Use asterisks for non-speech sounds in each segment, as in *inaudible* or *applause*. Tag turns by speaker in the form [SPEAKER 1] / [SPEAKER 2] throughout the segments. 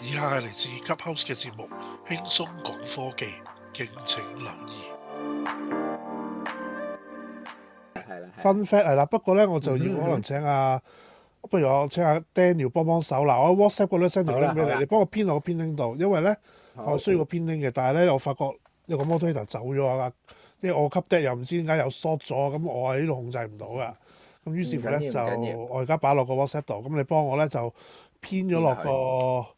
[SPEAKER 1] 以下係嚟自 Clubhouse 嘅節目，輕鬆講科技，敬請留意。係啦，分 fat 係啦，不過咧我就要可能請阿、啊，嗯嗯不如我請阿、啊、Daniel 幫幫手啦。我 WhatsApp 個 list send 條單俾你，你幫我 pin 落個 pin link 度，因為咧的我需要個 pin link 嘅。但係咧我發覺一、er，因為個 moderator 走咗啊，即係我 cut 掉又唔知點解又 short 咗，咁我喺呢度控制唔到噶。咁於是乎咧就我在在，我而家擺落個 WhatsApp 度，咁你幫我咧就 pin 咗落個。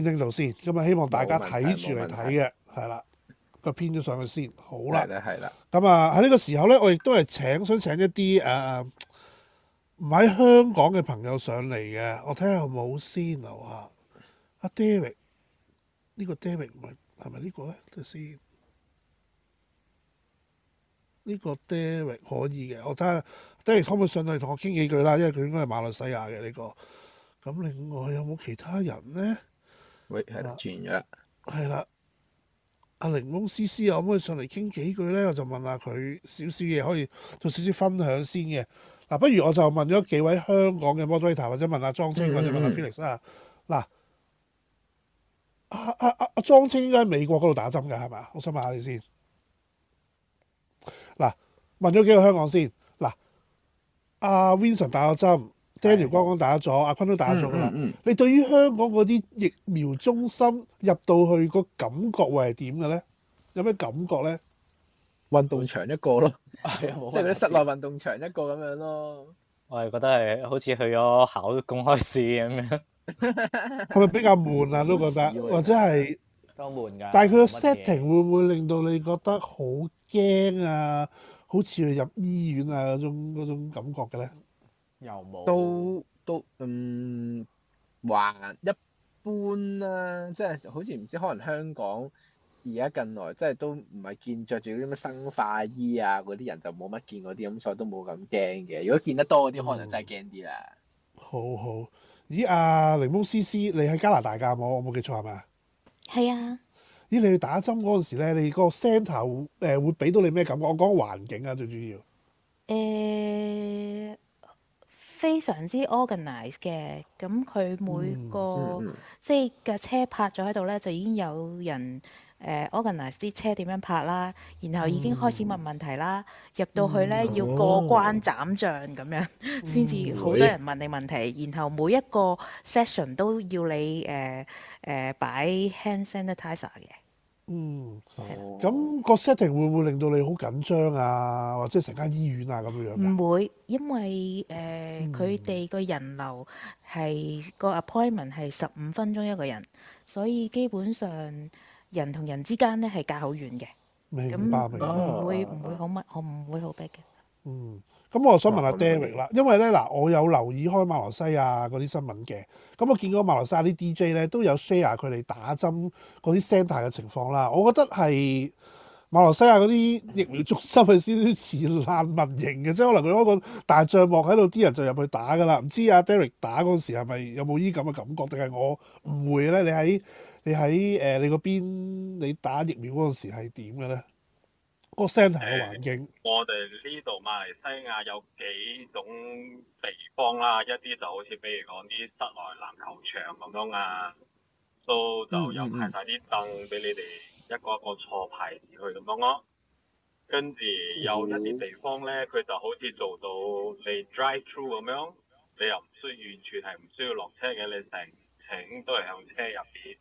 [SPEAKER 1] 編拎到先咁啊！希望大家睇住嚟睇嘅係啦，個編咗上去先
[SPEAKER 2] 好啦，
[SPEAKER 1] 係啦。咁啊喺呢個時候咧，我亦都係請想請一啲誒唔喺香港嘅朋友上嚟嘅。我睇下有冇先啊 erek, erek, 是是，阿 David 呢個 David 唔係係咪呢個咧？先呢個 David 可以嘅，我睇下 David 可唔可以上嚟同我傾幾句啦，因為佢應該係馬來西亞嘅呢個。咁另外有冇其他人咧？喂，係啦，轉咗係啦，阿檸檬思思啊，可以上嚟傾幾句咧，我就問下佢少少嘢可以做少少分享先嘅。嗱、啊，不如我就問咗幾位香港嘅 moderator 或者問下莊青，嗯、或者問阿 Felix 啊。嗱、啊，阿阿阿阿莊青應該喺美國嗰度打針嘅，係咪啊？我想問下你先。嗱、啊，問咗幾個香港先。嗱、啊，阿 Vincent 打咗針。Daniel 剛剛打咗，阿坤都打咗噶啦。嗯嗯嗯、你對於香港嗰啲疫苗中心入到去個感覺會係點嘅咧？有咩感覺
[SPEAKER 2] 咧？運動場一個咯， *laughs* *laughs* 即係啲室內運動場一個咁樣咯。我係覺得係好似去咗考公開試咁樣，
[SPEAKER 1] 係 *laughs* 咪比較悶啊？都覺得， *laughs* 或者係都悶㗎。但係佢個 setting 會唔會令到你覺得好驚啊？好似去入醫院啊嗰種，嗰種感覺嘅咧？
[SPEAKER 2] 又冇都都嗯，還一般啦、啊，即、就、係、是、好似唔知可能香港而家近來，即係都唔係見着住啲咩生化衣啊嗰啲人就冇乜見嗰啲，咁所以都冇咁驚嘅。如果見得多嗰啲、嗯、可能真係驚啲啦。好
[SPEAKER 1] 好咦，阿、啊、檸檬思思，你喺加拿大㗎？冇，我冇記錯係咪啊？係啊。咦，你去打針嗰陣時咧，你個 centre 誒會俾到你咩感覺？我講環境啊，最主要。誒、欸。
[SPEAKER 3] 非常之 organize 嘅，咁、嗯、佢、嗯、每個即係架車泊咗喺度咧，就已經有人誒 organize 啲車點樣泊啦，然後已經開始問問題啦。入到去咧要過關斬將咁樣，先至好多人問你問題，然後每一個 session 都要你誒誒擺 hand sanitizer 嘅。呃呃
[SPEAKER 1] 嗯，咁個 setting 會唔會令到你好緊張啊？或者成間醫院啊咁樣？
[SPEAKER 3] 唔會，因為誒佢哋個人流係個 appointment 係十五分鐘一個人，所以基本上人同人之間咧係隔好遠嘅，
[SPEAKER 1] 咁唔會
[SPEAKER 3] 唔會好乜，啊，我唔會好逼嘅。嗯。
[SPEAKER 1] 咁我想問下 Derek 啦，因為咧嗱，我有留意開馬來西亞嗰啲新聞嘅，咁我見過馬來西亞啲 DJ 咧都有 share 佢哋打針嗰啲聲帶嘅情況啦。我覺得係馬來西亞嗰啲疫苗中心係少少似難民營嘅，即係可能佢開個大帳幕喺度，啲人就入去打㗎啦。唔知阿、啊、Derek 打嗰時係咪有冇呢咁嘅感覺，定係我誤會咧？你喺你喺誒、呃、你嗰邊你打疫苗嗰時係點嘅咧？個聲係個環境。欸、
[SPEAKER 2] 我哋呢度馬來西亞有幾種地方啦、啊，一啲就好似比如講啲室內籃球場咁樣啊，都就有排晒啲凳，俾你哋、嗯、一個一個坐牌子去咁樣咯、啊。跟住有一啲地方咧，佢就好似做到你 drive through 咁樣，你又唔需要完全係唔需要落車嘅，你成程都係向車入邊，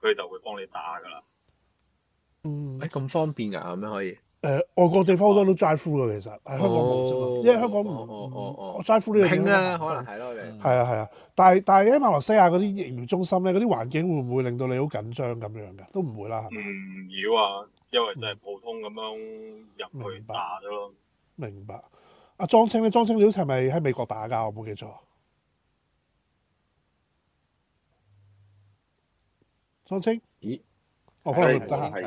[SPEAKER 2] 佢就會幫你打噶啦。嗯、咁、欸、方便噶、啊，係咩可以？
[SPEAKER 1] 誒、呃、外國地方好多都 drive through 嘅其實，喺香港冇、哦、因為
[SPEAKER 2] 香港唔 drive
[SPEAKER 1] through 呢個景啦。拼啦，可能係咯你。係啊係啊，但係但係喺馬來西亞嗰啲疫苗中心咧，嗰啲環境會唔會令到你好緊張咁樣噶？都唔會啦，係咪？唔要啊，
[SPEAKER 2] 因為都係普通咁樣入去打啫咯。
[SPEAKER 1] 明白。阿莊清，你莊清你好似係咪喺美國打㗎？我冇記錯。莊清，咦。我喺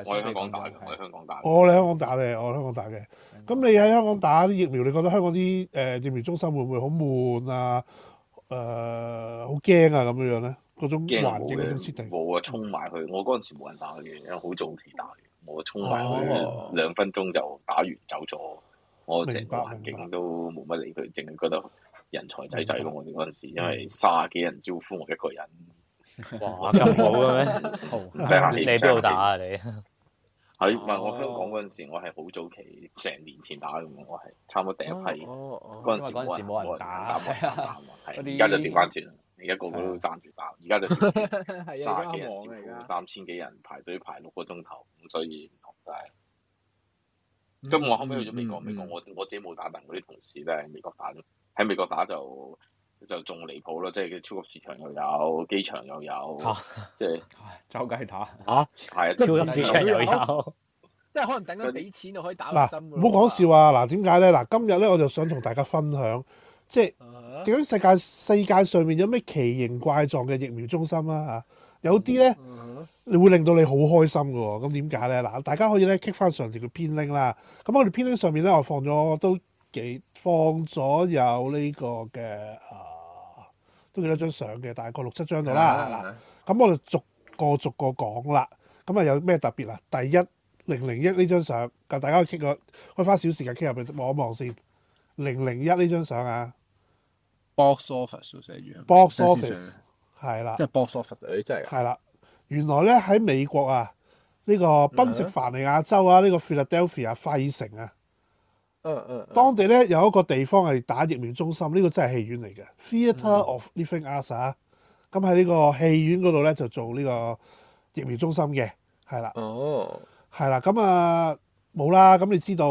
[SPEAKER 1] 香港打嘅，我喺香
[SPEAKER 2] 港打嘅。我喺
[SPEAKER 1] 香港打嘅，我喺香港打嘅。咁你喺香港打啲疫苗，你覺得香港啲誒疫苗中心會唔會好悶啊？誒，好驚啊！咁樣樣咧，嗰種環境嗰種設
[SPEAKER 2] 定。冇啊，衝埋佢！我嗰陣時冇人打嘅，因為好早期打，我衝埋佢兩分鐘就打完走咗。我成個環境都冇乜理佢，凈係覺得人才濟濟咯！我哋嗰陣時，因為卅幾人招呼我一個人。哇，咁好嘅咩？你邊度打啊？你喺唔係我香港嗰陣時，我係好早期，成年前打咁，我係差唔多第一批。嗰陣時冇人打，而家就調翻轉，而家個個都爭住打，而家就三幾人，幾乎三千幾人排隊排六個鐘頭，咁所以唔同晒。咁我後尾去咗美國，美國我我自己冇打，但係啲同事咧喺美國打喺美國打就。就仲離譜咯，即係嘅超級市場又有，機場又有，即係周街打吓，係啊，超級市場又有，有，即係、嗯、 *laughs* 可能等陣俾錢就可以打個針。唔好講笑
[SPEAKER 1] 啊！嗱、啊，點解咧？嗱，今日咧我就想同大家分享，即係究竟世界世界上面有咩奇形怪狀嘅疫苗中心啦、啊、吓，有啲咧你會令到你好開心噶，咁點解咧？嗱，大家可以咧，扱翻上條嘅編拎啦。咁我哋編拎上面咧，我放咗都。放咗有呢個嘅啊，都幾多張相嘅，大概六七張度啦。咁我哋逐個逐個講啦。咁啊有咩特別啊？第一零零一呢張相，咁大家可以傾個，可以花少時間傾入去望一望先。零零一呢張相啊
[SPEAKER 2] ，box office 啊，寫住 box office
[SPEAKER 1] 係啦，即係的 box
[SPEAKER 2] office 你真
[SPEAKER 1] 係係啦。原來咧喺美國啊，呢個賓夕凡尼亞州啊，呢個 Philadelphia 費城啊。嗯當地咧有一個地方係打疫苗中心，呢、這個真係戲院嚟嘅 Theatre of Living Arts、啊嗯、s a 咁喺呢個戲院嗰度咧就做呢個疫苗中心嘅，係、oh. 嗯啊、啦，哦、嗯，係啦，咁啊冇啦，咁你知道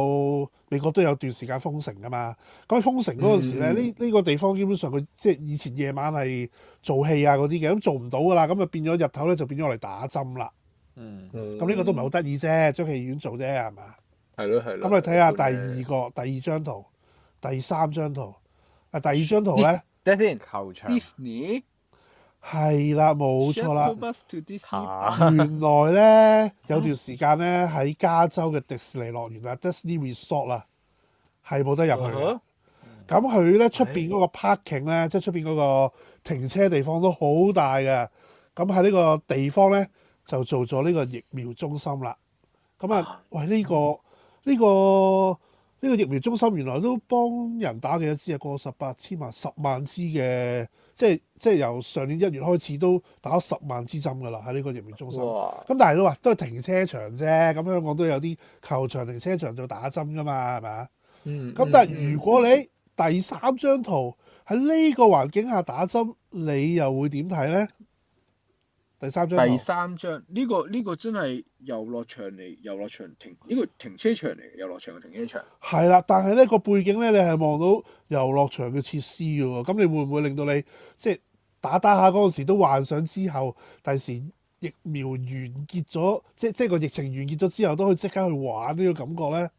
[SPEAKER 1] 美國都有段時間封城噶嘛，咁封城嗰陣時咧呢呢、mm hmm. 這個地方基本上佢即係以前夜晚係做戲啊嗰啲嘅，咁做唔到噶啦，咁啊變咗日頭咧就變咗嚟打針啦、mm
[SPEAKER 2] hmm. 嗯，嗯，咁、嗯、呢、嗯嗯、個都唔係好
[SPEAKER 1] 得意啫，將戲院做啫係嘛？
[SPEAKER 2] 係咯係咯，咁
[SPEAKER 1] 你睇下第二個、嗯、第二張圖、第三張圖啊，第二張圖咧，
[SPEAKER 2] 等先 Disney?。球場。Disney
[SPEAKER 1] 係啦，冇錯啦。
[SPEAKER 2] to Disney、啊。嚇！原
[SPEAKER 1] 來咧有段時間咧喺加州嘅迪士尼樂園啦，Disney Resort 啦，係冇得入去。咁佢咧出邊嗰個 parking 咧，即係出邊嗰個停車地方都好大嘅。咁喺呢個地方咧就做咗呢個疫苗中心啦。咁啊、嗯，喂呢個～呢、這個呢、這個疫苗中心原來都幫人打幾多支啊？過十八千萬十萬支嘅，即係即係由上年一月開始都打十萬支針㗎喇，喺呢個疫苗中心。咁哇但係都話都係停車場啫。咁香港都有啲球場停車場做打針㗎嘛，係咪啊？咁、嗯嗯、但係如果你第三張圖喺呢個環境下打針，你又會點睇呢？第三張，第
[SPEAKER 2] 三張呢個呢個真係遊樂場嚟，遊樂場停呢個停車場嚟，遊樂場嘅停車場。
[SPEAKER 1] 係啦，但係呢個背景呢，你係望到遊樂場嘅設施嘅喎。咁你會唔會令到你即係打打下嗰陣時都幻想之後第時疫苗完結咗，即係即係個疫情完結咗之後，都可以即刻去玩呢個感覺呢？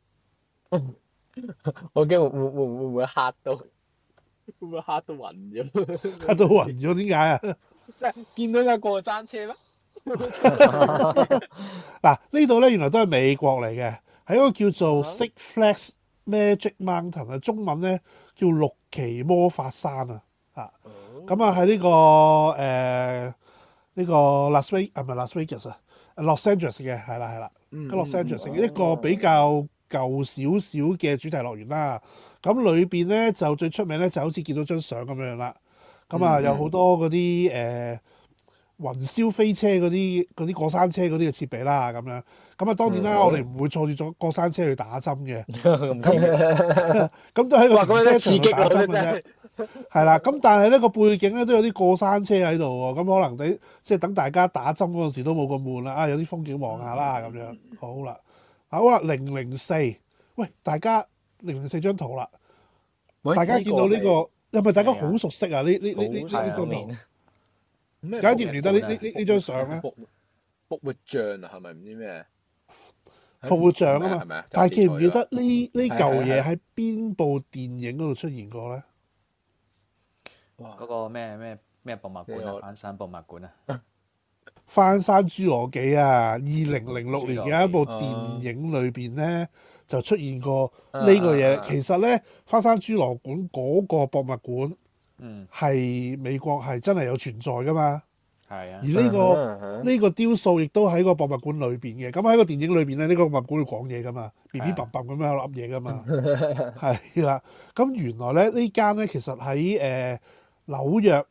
[SPEAKER 1] *laughs* 我驚會會會唔會
[SPEAKER 2] 嚇到？咁咪嚇到暈
[SPEAKER 1] 咗， *laughs* 嚇到暈咗點解啊？即係
[SPEAKER 2] 見到架過山車
[SPEAKER 3] 咩？
[SPEAKER 1] 嗱呢度咧原來都係美國嚟嘅，係一個叫做 Six Flags Magic Mountain 嘅中文咧叫六旗魔法山啊啊！咁啊喺呢、啊這個誒呢、呃這個 Las、啊、Vegas 啊唔係 Las 啊 Los Angeles 嘅係啦係啦，咁 Los Angeles 嘅一個比較舊少少嘅主題樂園啦、啊。咁裏邊咧就最出名咧就好似見到張相咁樣啦，咁啊有好多嗰啲誒雲霄飛車嗰啲啲過山車嗰啲嘅設備啦咁樣，咁啊當然啦，嗯、我哋唔會坐住咗過山車去打針嘅，咁都喺個過山車上邊打針嘅啫，係啦，咁但係咧個背景咧都有啲過山車喺度喎，咁可能等即係等大家打針嗰陣時都冇咁悶啦，啊有啲風景望下啦咁樣，好啦，好啦零零四，4，喂大家。零四張圖啦，
[SPEAKER 3] 大家見到呢個
[SPEAKER 1] 係咪大家好熟悉啊？呢呢呢呢呢個年，大
[SPEAKER 2] 家記唔記得呢呢呢呢張相咧？復活像啊，係咪唔知咩復活像啊嘛？大家記唔記得呢
[SPEAKER 1] 呢舊嘢喺邊部電影嗰度出現過咧？哇！嗰
[SPEAKER 2] 個咩咩咩博物館啊？翻山博物館
[SPEAKER 1] 啊！翻山侏羅紀啊！二零零六年嘅一部電影裏邊咧。就出現過呢個嘢。其實咧，花生侏羅館嗰個博物館，嗯，係美國係真係有存在噶嘛？
[SPEAKER 2] 係啊。而呢個
[SPEAKER 1] 呢個雕塑亦都喺個博物館裏邊嘅。咁喺個電影裏邊咧，呢個博物館會講嘢噶嘛？喋喋噋噋咁樣喺度噏嘢噶嘛？係啦。咁原來咧，呢間咧，其實喺誒，紐約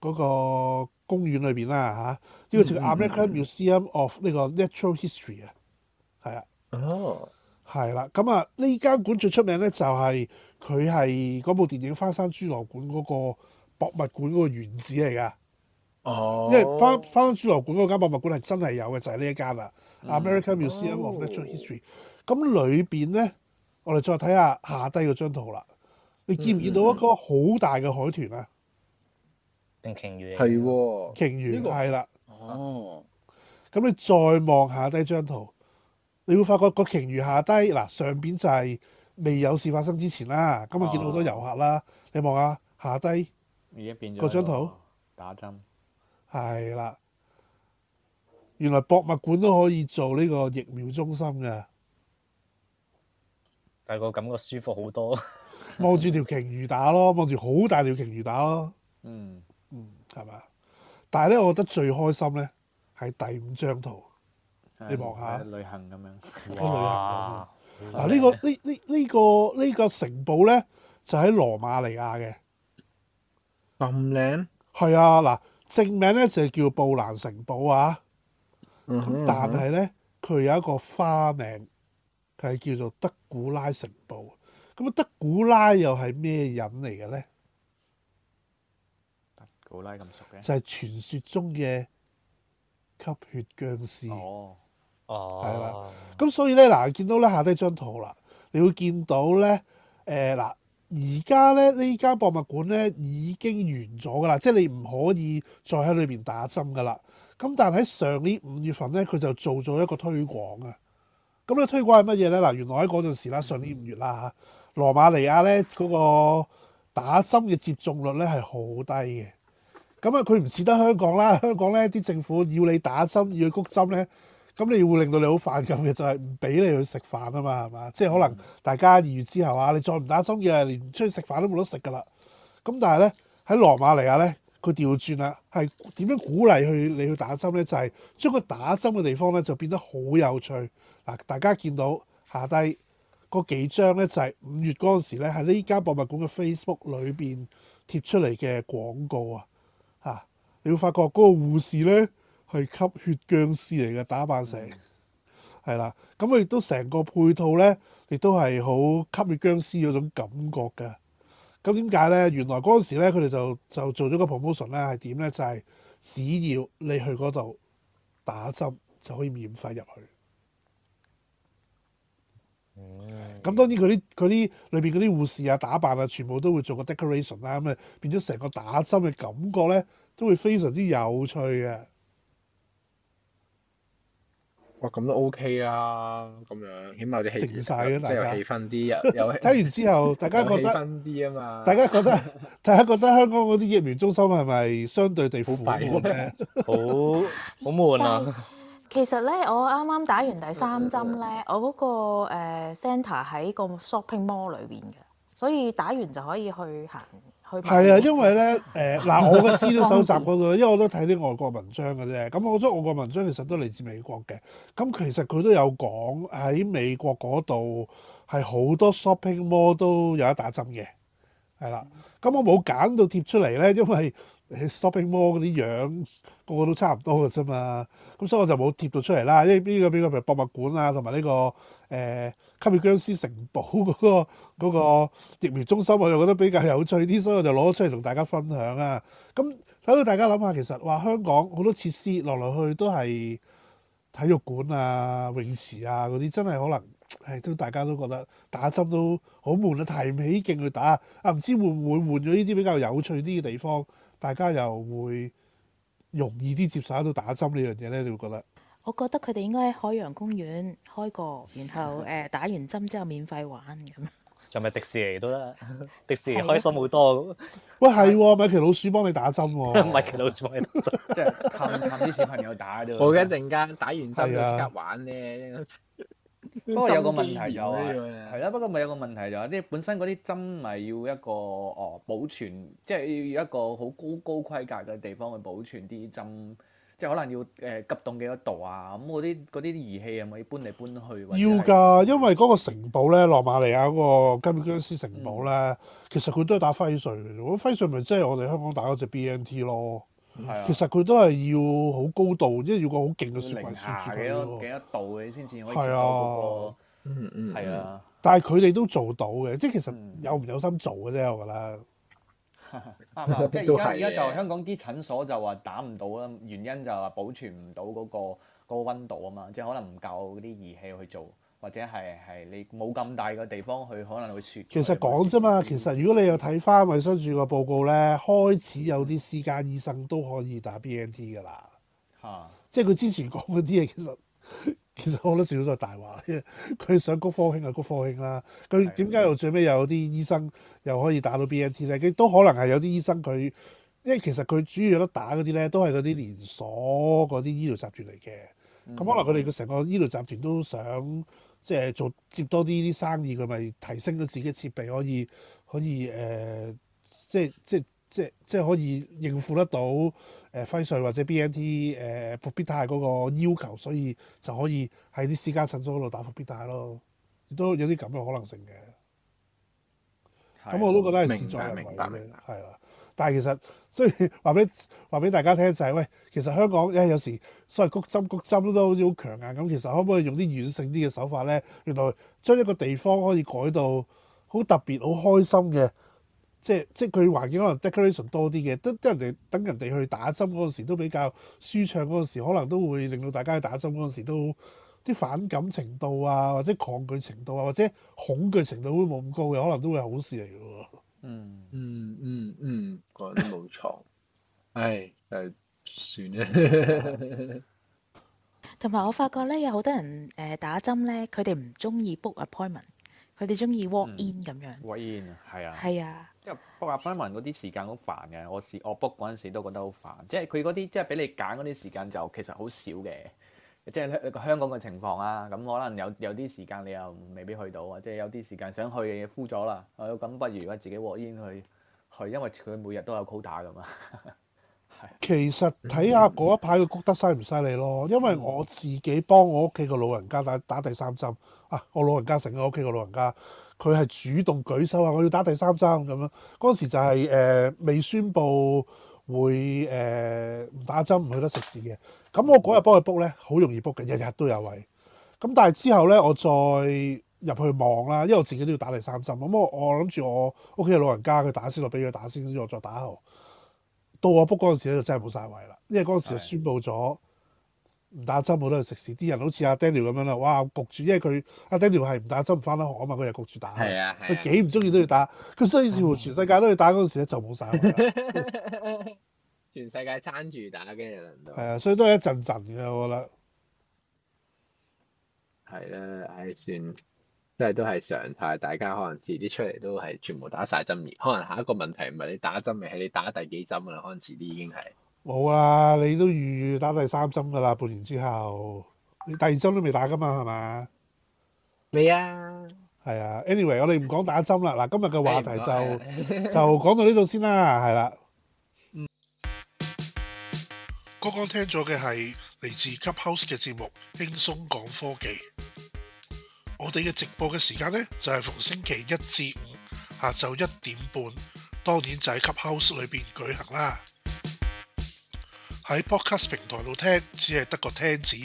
[SPEAKER 1] 嗰個公園裏邊啦，嚇，呢個叫 American Museum of 呢個 Natural History 啊，係啊，係啦，咁啊呢間館最出名咧，就係佢係嗰部電影《翻山豬籠館》嗰個博物館嗰個原址嚟噶。哦。
[SPEAKER 2] 因為《翻翻
[SPEAKER 1] 山豬籠館》嗰間博物館係真係有嘅，就係呢一間啦。American Museum of Natural History。咁裏邊咧，我哋再睇下下低嗰張圖啦。你見唔見到一個好大嘅海豚啊？
[SPEAKER 2] 定鯨魚？係喎，鯨魚。係啦。哦。
[SPEAKER 1] 咁你再望下低張圖。你會發覺個鯨魚下低，嗱，上邊就係未有事發生之前啦。咁啊見到好多遊客啦，啊、你望下下低，而家
[SPEAKER 2] 變咗嗰張圖打
[SPEAKER 1] 針，係啦，原來博物館都可以做呢個疫苗中心嘅，
[SPEAKER 2] 但係個感覺舒服好多。
[SPEAKER 1] 望 *laughs* 住條鯨魚打咯，望住好大條鯨魚打咯。嗯嗯，係、嗯、嘛？但係咧，我覺得最開心咧係第五張圖。你望下旅
[SPEAKER 2] 行咁樣，個旅行咁啊！嗱，呢個
[SPEAKER 1] 呢呢呢個呢、這個城堡咧，就喺羅馬尼亞嘅。咁靚？係啊！嗱、呃，正名咧就係叫布蘭城堡啊。嗯、但係咧，佢有一個花名，佢係叫做德古拉城堡。咁啊，德古拉又係咩人嚟嘅咧？
[SPEAKER 2] 德古拉咁熟嘅就係
[SPEAKER 1] 傳説中嘅吸血僵屍。哦哦，係啦，咁、啊、所以咧，嗱，見到咧下低張圖啦，你會見到咧，誒、呃，嗱，而家咧呢間博物館咧已經完咗噶啦，即係你唔可以再喺裏邊打針噶啦。咁但係喺上年五月份咧，佢就做咗一個推廣啊。咁咧推廣係乜嘢咧？嗱，原來喺嗰陣時啦，嗯、上年五月啦，羅馬尼亞咧嗰個打針嘅接種率咧係好低嘅。咁啊，佢唔似得香港啦，香港咧啲政府要你打針要你谷針咧。咁你會令到你好反感嘅，就係唔俾你去食飯啊嘛，係嘛？即係可能大家二月之後啊，你再唔打針嘅，連出去食飯都冇得食噶啦。咁但係咧喺羅馬尼亞咧，佢調轉啦，係點樣鼓勵去你去打針咧？就係、是、將個打針嘅地方咧就變得好有趣。嗱，大家見到下低嗰幾張咧，就係、是、五月嗰陣時咧喺呢間博物館嘅 Facebook 裏邊貼出嚟嘅廣告啊。嚇！你會發覺嗰個護士咧～係吸血僵屍嚟嘅打扮成，係啦、mm。咁佢亦都成個配套咧，亦都係好吸血僵屍嗰種感覺嘅。咁點解咧？原來嗰陣時咧，佢哋就就做咗個 promotion 咧，係點咧？就係、是、只要你去嗰度打針就可以免費入去。咁、mm hmm。當然佢啲佢啲裏邊嗰啲護士啊、打扮啊，全部都會做個 decoration 啦、啊，咁啊變咗成個打針嘅感覺咧，都會非常之有趣嘅。
[SPEAKER 2] 哇，咁、哦、都 OK 啊，咁樣，起碼啲氣節曬啦，又氣氛啲啊，有睇 *laughs* 完之後，大家覺得啲啊 *laughs* 嘛， *laughs* 大家覺得，
[SPEAKER 1] 大家覺得香港嗰啲疫苗中心係咪相對地好快咩？
[SPEAKER 2] 好好悶啊！ *laughs*
[SPEAKER 3] *laughs* *laughs* 其實咧，我啱啱打完第三針咧，我嗰個誒 centre 喺個 shopping mall 裏邊嘅，所以打完就可以去行。係啊，因為咧，
[SPEAKER 1] 誒、呃、嗱，我嘅資料蒐集嗰度因為我都睇啲外國文章嘅啫。咁我所外國文章其實都嚟自美國嘅。咁其實佢都有講喺美國嗰度係好多 shopping mall 都有得打針嘅，係啦。咁我冇揀到貼出嚟咧，因為。喺 shopping mall 嗰啲樣個個都差唔多嘅啫嘛，咁所以我就冇貼到出嚟啦。因呢呢、呢個邊個譬如博物館啊，同埋呢個誒吸血僵屍城堡嗰、嗰個嗰個疫苗中心，我就覺得比較有趣啲，所以我就攞咗出嚟同大家分享啊。咁睇到大家諗下，其實話香港好多設施落落去都係體育館啊、泳池啊嗰啲，真係可能。誒都大家都覺得打針都好悶啊，提唔起勁去打啊！唔知會唔會換咗呢啲比較有趣啲嘅地方，大家又會容易啲接受到打針呢樣嘢咧？就會覺得
[SPEAKER 3] 我覺得佢哋應該喺海洋公園開過，然後誒、呃、打完針之後免費玩咁。
[SPEAKER 2] 仲咪迪士尼都得，迪士尼開心好多。
[SPEAKER 1] 的喂，係米奇老鼠幫你打針喎！米奇
[SPEAKER 2] 老鼠幫你打針，啊，即係氹氹啲小朋友打都。我一陣間打完針就即刻玩咧。不過有個問題就係，係啦。不過咪有個問題就即、是、啲本身嗰啲針咪要一個哦保存，即、就、係、是、要一個好高高規格嘅地方去保存啲針，即、就、係、是、可能要誒、呃、急凍幾多度啊？咁嗰啲啲儀器係咪要搬嚟搬去？要
[SPEAKER 1] 㗎，因為嗰個城堡咧，羅馬尼亞嗰個僵屍城堡咧，嗯、其實佢都係打輝瑞嘅。如果輝瑞咪即係我哋香港打嗰隻 BNT 咯。啊、其實佢都係要好高度，即係要個好勁嘅雪櫃零，零下幾多
[SPEAKER 2] 幾多度你先至可以做到嗰、那、係、個、啊。啊
[SPEAKER 1] 但係佢哋都做到嘅，嗯、即係其實有唔有心做嘅啫，我覺得。啱啊
[SPEAKER 3] *laughs* *laughs* ，
[SPEAKER 2] 即係而家而家就 *laughs* 香港啲診所就話打唔到啦，原因就話保存唔到嗰個嗰溫、那個、度啊嘛，即係可能唔夠嗰啲儀器去做。或者係係你冇咁大個地方，佢可能會疏。其實
[SPEAKER 1] 講啫嘛，嗯、其實如果你又睇翻衞生署個報告咧，開始有啲私家醫生都可以打 BNT 噶啦。嚇、嗯！即係佢之前講嗰啲嘢，其實其實好多時都係大話。佢想谷科興就谷科興啦，佢點解又最尾有啲醫生又可以打到 BNT 咧？亦都可能係有啲醫生佢，因為其實佢主要有得打嗰啲咧，都係嗰啲連鎖嗰啲醫療集團嚟嘅。咁、嗯、可能佢哋個成個醫療集團都想。即係做接多啲啲生意，佢咪提升咗自己設備，可以可以誒、呃，即係即係即係即係可以應付得到誒輝瑞或者 BNT 誒、呃、復必泰嗰個要求，所以就可以喺啲私家診所嗰度打復必泰咯，亦都有啲咁嘅可能性嘅。咁的我都覺得係事在人為，係咪啦？但係其實，所以話俾話俾大家聽就係、是，喂，其實香港誒有時所謂谷針谷針都好似好強硬咁，其實可唔可以用啲軟性啲嘅手法咧？原來將一個地方可以改到好特別、好開心嘅，即係即係佢環境可能 decoration 多啲嘅，等等人哋等人哋去打針嗰陣時都比較舒暢嗰陣時，可能都會令到大家去打針嗰陣時都啲反感程度啊，或者抗拒程度啊，或者恐懼程度會冇咁高嘅，可能都會係好事嚟嘅喎。嗯嗯。
[SPEAKER 3] 同埋算 *laughs* 我發覺咧，有好多人誒打針咧，佢哋唔中意 book appointment，佢哋中意 walk in 咁、嗯、
[SPEAKER 2] 樣。walk in 啊，係啊。係啊。即係 book appointment 嗰啲時間好煩嘅，我試我 book 嗰陣時都覺得好煩，即係佢嗰啲即係俾你揀嗰啲時間就其實好少嘅，即、就、係、是、香港嘅情況啊，咁可能有有啲時間你又未必去到啊，即、就、係、是、有啲時間想去嘅嘢敷咗啦，咁、啊、不如自己 walk in 去去，因為佢每日都有 quota 㗎嘛。 *laughs*
[SPEAKER 1] 其實睇下嗰一排，佢谷得犀唔犀利咯，因為我自己幫我屋企個老人家打打第三針啊，我老人家成個屋企個老人家，佢係主動舉手啊，我要打第三針咁樣。嗰時就係、是、誒、呃、未宣佈會誒唔、呃、打針唔去得食肆嘅。咁我嗰日幫佢 book 咧，好容易 book 嘅，日日都有位。咁但係之後咧，我再入去望啦，因為我自己都要打第三針。咁我我諗住我屋企嘅老人家佢打先，我俾佢打先，後我再打後。到我 book 嗰陣時咧就真係冇晒位啦，因為嗰陣時就宣布咗唔打針冇得去食肆，啲是的 人好似阿 Daniel 咁樣啦，哇焗住，因為佢阿 Daniel 係唔打針唔翻得學啊嘛，佢又焗住打，佢幾唔中意都要打，佢所以似乎全世界都要打嗰陣時咧就冇晒位，
[SPEAKER 2] 全世界爭住打嘅人咯，係啊，所以都係一陣陣嘅我覺得，係啦，唉、哎、算。即係都係常態，大家可能遲啲出嚟都係全部打晒針嘅。可能下一個問題唔係你打針未，係你打第幾針噶啦？可能遲啲已經係。
[SPEAKER 1] 冇啦，你都預打第三針噶啦，半年之後，你第二針都未打噶嘛，係嘛？未啊。係啊，Anyway，我哋唔講打針啦。嗱，今日嘅話題就、啊、 *laughs* 就講到呢度先啦，係啦、啊。剛剛、嗯、聽咗嘅係嚟自 Clubhouse 嘅節目，輕鬆講科技。我哋嘅直播嘅時間呢，就係、是，逢星期一至五下晝一點半，當然就喺 Clubhouse 裏邊舉行啦。喺 Podcast 平台度聽，只係得個聽字。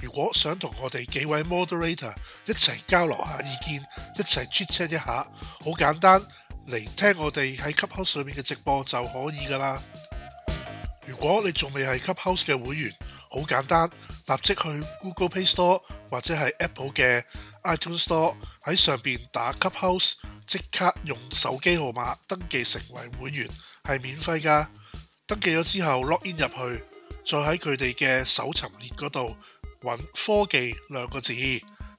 [SPEAKER 1] 如果想同我哋幾位 Moderator 一齊交流下意見，一齊 chat 一下，好簡單嚟聽我哋喺 Clubhouse 裏面嘅直播就可以噶啦。如果你仲未係 Clubhouse 嘅會員，好簡單，立即去 Google Play Store 或者係 Apple 嘅。iTunes Store 喺上邊打 Clubhouse，即刻用手機號碼登記成為會員，係免費噶。登記咗之後 login 入去，再喺佢哋嘅搜尋列嗰度揾科技兩個字，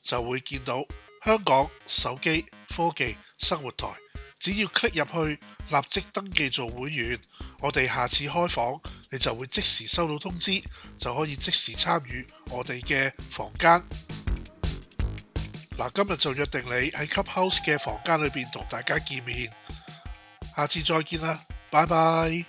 [SPEAKER 1] 就會見到香港手機科技生活台。只要 click 入去，立即登記做會員，我哋下次開房你就會即時收到通知，就可以即時參與我哋嘅房間。嗱，今日就約定你喺 Clubhouse 嘅房間裏邊同大家見面，下次再見啦，拜拜。